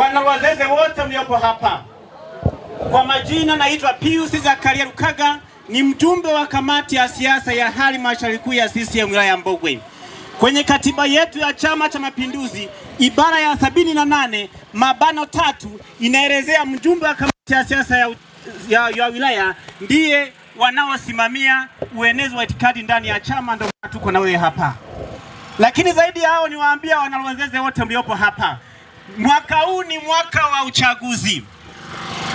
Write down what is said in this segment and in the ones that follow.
Wana wazeze wote mliopo hapa, kwa majina naitwa Pius Zakaria Lukaga, ni mjumbe wa kamati ya siasa ya halmashauri kuu ya CCM wilaya ya Mbogwe. Kwenye katiba yetu ya Chama cha Mapinduzi ibara ya sabini na nane mabano tatu inaelezea mjumbe wa kamati ya siasa ya, ya, ya wilaya ndiye wanaosimamia uenezi wa itikadi ndani ya chama, ndio tuko na wewe hapa. Lakini zaidi ya hao niwaambia wanalowezeze wote mliopo hapa mwaka huu ni mwaka wa uchaguzi.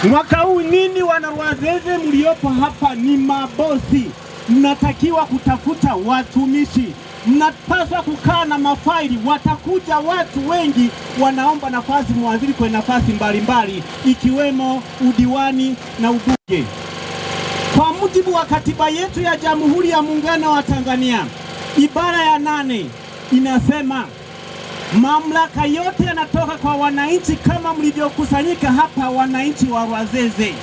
Mwaka huu nini, wanarwazeze mliopo hapa ni mabosi, mnatakiwa kutafuta watumishi, mnapaswa kukaa na mafaili. Watakuja watu wengi wanaomba nafasi, mwaziri kwenye nafasi mbalimbali ikiwemo udiwani na ubunge. Kwa mujibu wa katiba yetu ya Jamhuri ya Muungano wa Tanzania, ibara ya nane inasema Mamlaka yote yanatoka kwa wananchi, kama mlivyokusanyika hapa wananchi wa Rwazeze,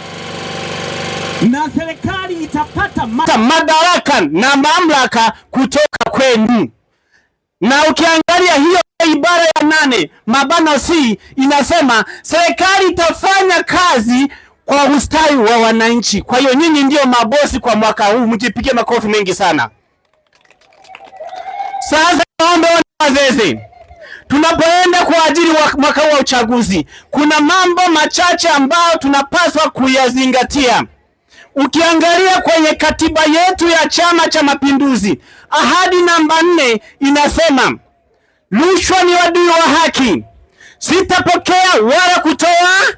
na serikali itapata ma madaraka na mamlaka kutoka kwenu. Na ukiangalia hiyo ibara ya nane mabano si inasema serikali itafanya kazi kwa ustawi wa wananchi. Kwa hiyo nyinyi ndiyo mabosi kwa mwaka huu, mjipigie makofi mengi sana. tunapoenda kwa ajili ya mwaka wa uchaguzi, kuna mambo machache ambayo tunapaswa kuyazingatia. Ukiangalia kwenye katiba yetu ya Chama cha Mapinduzi, ahadi namba nne inasema rushwa ni adui wa haki, sitapokea wala kutoa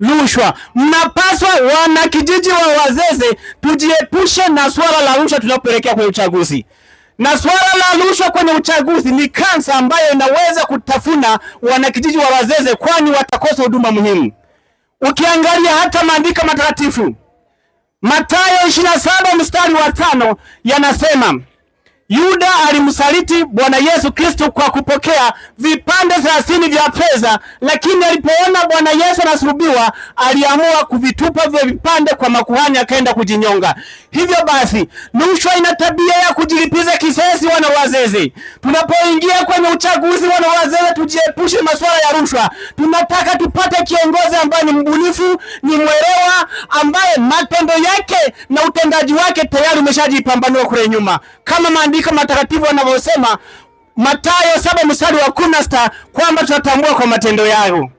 rushwa. Mnapaswa wanakijiji wa Wazeze, tujiepushe na swala la rushwa tunapoelekea kwenye uchaguzi. Na swala la rushwa kwenye uchaguzi ni kansa ambayo inaweza kutafuna wanakijiji wa Wazeze, kwani watakosa huduma muhimu. Ukiangalia hata maandiko matakatifu Mathayo 27 mstari wa tano yanasema Yuda alimsaliti Bwana Yesu Kristo kwa kupokea vipande thelathini vya fedha, lakini alipoona Bwana Yesu anasulubiwa aliamua kuvitupa vya vipande kwa makuhani, akaenda kujinyonga. Hivyo basi, rushwa ina tabia ya kujilipiza kisasi. Wana wazeze, tunapoingia kwenye uchaguzi, wana wazeze, tujiepushe masuala ya rushwa. Tunataka tupate kiongozi ambaye ni mbunifu, ni mwelewa, ambaye matendo yake na utendaji wake tayari umeshajipambanua kule nyuma kama maandiko maandiko matakatifu yanavyosema, Mathayo saba mstari wa kumi na sita kwamba tutatambua kwa matendo yao.